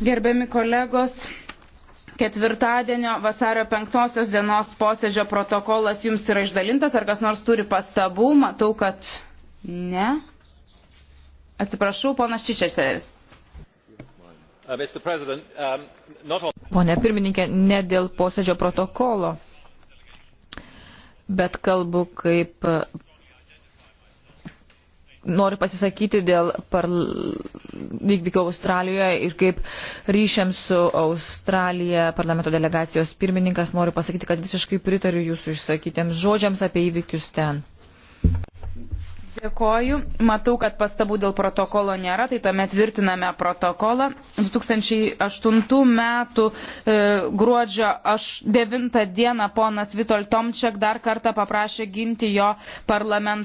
Gerbiami kolegos, ketvirtadienio vasario penktosios dienos posėdžio protokolas jums yra išdalintas. Ar kas nors turi pastabų? Matau, kad ne. Atsiprašau, ponas Čičeseris. Uh, um, Pone pirmininkė, ne dėl posėdžio protokolo, bet kalbu kaip noriu pasisakyti dėl parl vykdykau Australijoje ir kaip ryšiam su Australija parlamento delegacijos pirmininkas noriu pasakyti, kad visiškai pritariu jūsų išsakytiems žodžiams apie įvykius ten. Dėkoju. Matau, kad pastabų dėl protokolo nėra, tai tuomet tvirtiname protokolą. 2008 metų e, gruodžio 9 dieną ponas Vitol Tomčiak dar kartą paprašė ginti jo parlamentą.